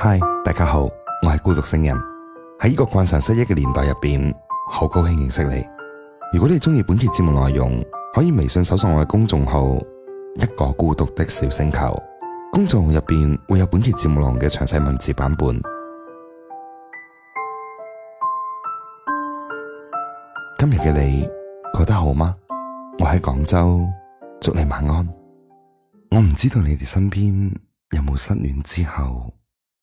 嗨，Hi, 大家好，我係孤獨星人。喺呢個慣常失憶嘅年代入邊，好高興認識你。如果你中意本期節目內容，可以微信搜索我嘅公眾號一個孤獨的小星球。公眾號入邊會有本期節目內容嘅詳細文字版本。今日嘅你過得好嗎？我喺廣州，祝你晚安。我唔知道你哋身邊有冇失戀之後。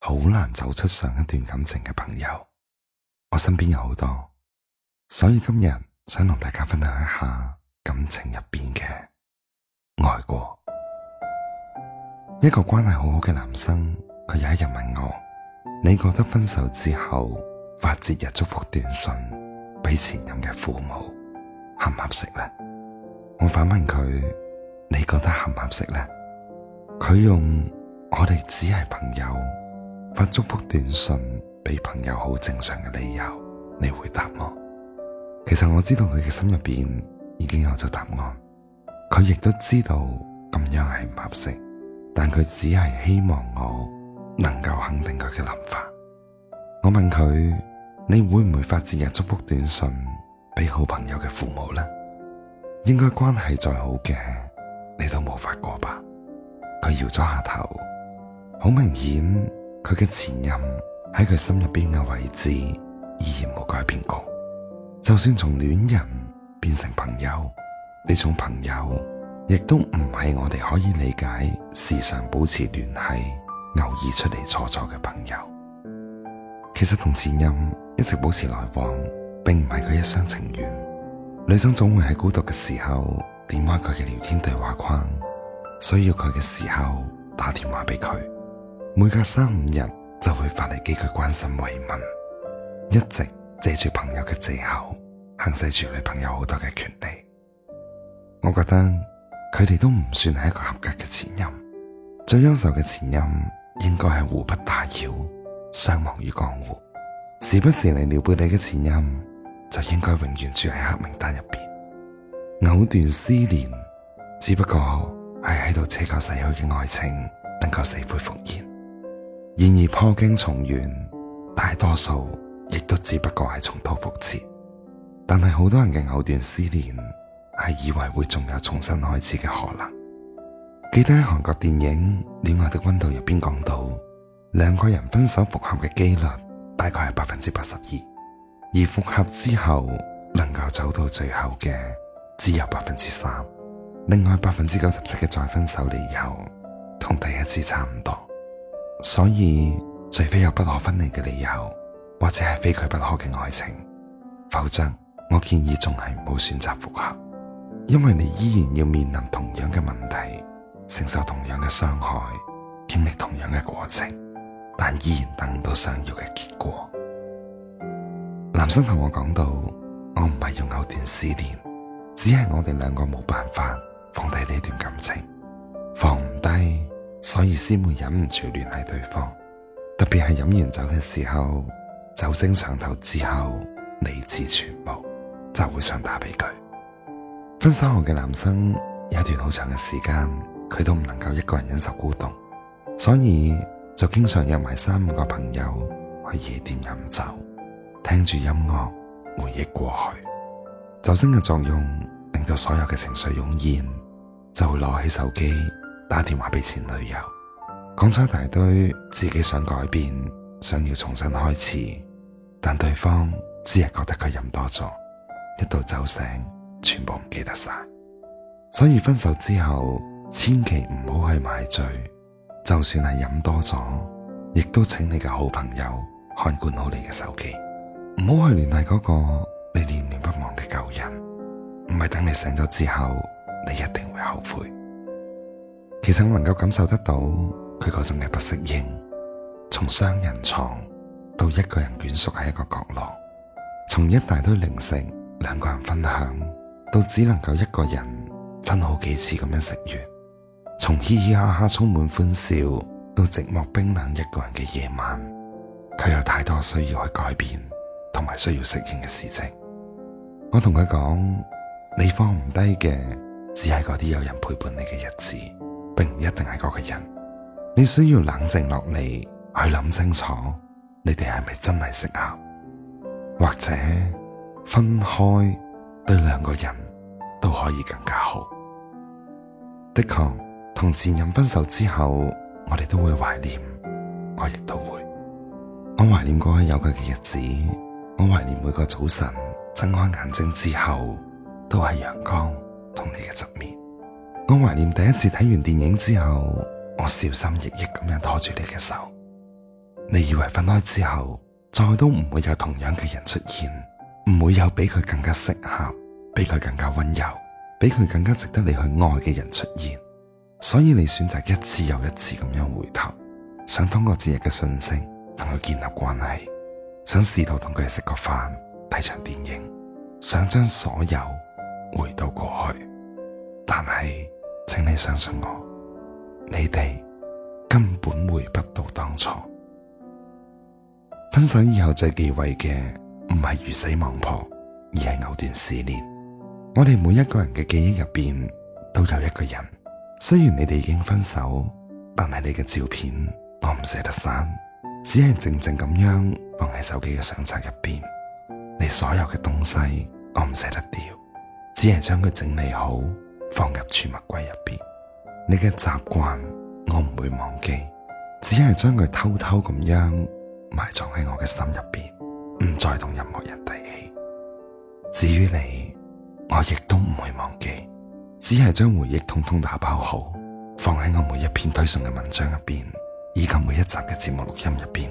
好難走出上一段感情嘅朋友，我身邊有好多，所以今日想同大家分享一下感情入邊嘅愛過一個關係好好嘅男生，佢有一日問我，你覺得分手之後發節日祝福短信俾前任嘅父母合唔合適呢？我反問佢，你覺得合唔合適呢？佢用我哋只係朋友。發祝福短信俾朋友，好正常嘅理由，你回答我。其實我知道佢嘅心入邊已經有咗答案，佢亦都知道咁樣係唔合適，但佢只係希望我能夠肯定佢嘅諗法。我問佢：你會唔會發節日祝福短信俾好朋友嘅父母呢？應該關係再好嘅，你都冇發過吧？佢搖咗下頭，好明顯。佢嘅前任喺佢心入邊嘅位置依然冇改變過，就算從戀人變成朋友，呢種朋友亦都唔係我哋可以理解時常保持聯繫、偶爾出嚟坐坐嘅朋友。其實同前任一直保持來往，並唔係佢一廂情願。女生總會喺孤獨嘅時候點開佢嘅聊天對話框，需要佢嘅時候打電話俾佢。每隔三五日就會發嚟幾句關心慰問，一直借住朋友嘅借口行使住女朋友好多嘅權利。我覺得佢哋都唔算係一個合格嘅前任，最優秀嘅前任應該係互不打擾、相忘於江湖。時不時嚟撩撥你嘅前任就應該永遠住喺黑名單入邊。藕斷絲連只不過係喺度奢求逝去嘅愛情能夠死灰復燃。然而破鏡重圓，大多數亦都只不過係重蹈覆轍。但係好多人嘅藕斷絲連，係以為會仲有重新開始嘅可能。記得喺韓國電影《戀愛的温度》入邊講到，兩個人分手復合嘅幾率大概係百分之八十二，而復合之後能夠走到最後嘅只有百分之三。另外百分之九十七嘅再分手理由，同第一次差唔多。所以，除非有不可分離嘅理由，或者係非佢不可嘅愛情，否則我建議仲係唔好選擇複合，因為你依然要面臨同樣嘅問題，承受同樣嘅傷害，經歷同樣嘅過程，但依然等唔到想要嘅結果。男生同我講到，我唔係要藕斷絲連，只係我哋兩個冇辦法放低呢段感情，放唔低。所以先會忍唔住聯繫對方，特別係飲完酒嘅時候，酒精上頭之後理智全部就會想打俾佢。分手後嘅男生有一段好長嘅時間，佢都唔能夠一個人忍受孤獨，所以就經常約埋三五個朋友去夜店飲酒，聽住音樂回憶過去。酒精嘅作用令到所有嘅情緒湧現，就會攞起手機。打電話俾前女友，講咗一大堆，自己想改變，想要重新開始，但對方只係覺得佢飲多咗，一到酒醒，全部唔記得晒。所以分手之後，千祈唔好去買醉，就算係飲多咗，亦都請你嘅好朋友看管好你嘅手機，唔好去聯繫嗰個你念念不忘嘅舊人，唔係等你醒咗之後，你一定會後悔。其實我能夠感受得到佢嗰種嘅不適應，從雙人床到一個人蜷縮喺一個角落，從一大堆零食兩個人分享到只能夠一個人分好幾次咁樣食完，從嘻嘻哈哈充滿歡笑到寂寞冰冷一個人嘅夜晚，佢有太多需要去改變同埋需要適應嘅事情。我同佢講：你放唔低嘅只係嗰啲有人陪伴你嘅日子。並唔一定係嗰個人，你需要冷靜落嚟去諗清楚，你哋係咪真係適合，或者分開對兩個人都可以更加好。的確，同前任分手之後，我哋都會懷念，我亦都會。我懷念過去有佢嘅日子，我懷念每個早晨睜開眼睛之後都係陽光同你嘅側面。我懷念第一次睇完電影之後，我小心翼翼咁樣拖住你嘅手。你以為分開之後，再都唔會有同樣嘅人出現，唔會有比佢更加適合、比佢更加溫柔、比佢更加值得你去愛嘅人出現，所以你選擇一次又一次咁樣回頭，想通過節日嘅訊息同佢建立關係，想試圖同佢食個飯、睇場電影，想將所有回到過去，但係。請你相信我，你哋根本回不到當初。分手以後最忌諱嘅唔係如死忘破，而係藕斷絲連。我哋每一個人嘅記憶入邊都有一個人，雖然你哋已經分手，但係你嘅照片我唔捨得刪，只係靜靜咁樣放喺手機嘅相冊入邊。你所有嘅東西我唔捨得掉，只係將佢整理好。放入儲物櫃入邊，你嘅習慣我唔會忘記，只係將佢偷偷咁樣埋藏喺我嘅心入邊，唔再同任何人提起。至於你，我亦都唔會忘記，只係將回憶通通打包好，放喺我每一篇推送嘅文章入邊，以及每一集嘅節目錄音入邊。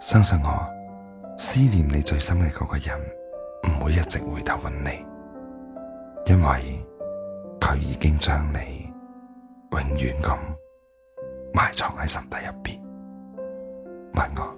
相信我，思念你最深嘅嗰個人，唔會一直回頭揾你。因為佢已經將你永遠咁埋藏喺心底入邊，問我。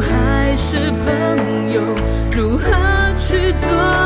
還是朋友，如何去做？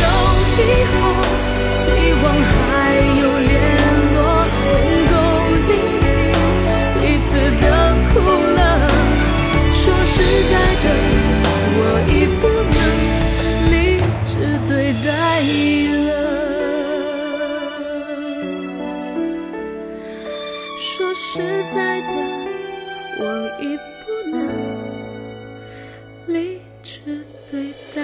我已不能理智對待。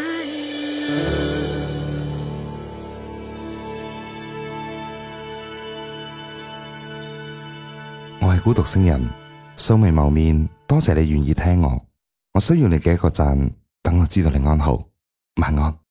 我係孤獨星人，素未謀面，多謝你願意聽我。我需要你嘅一個讚，等我知道你安好，晚安。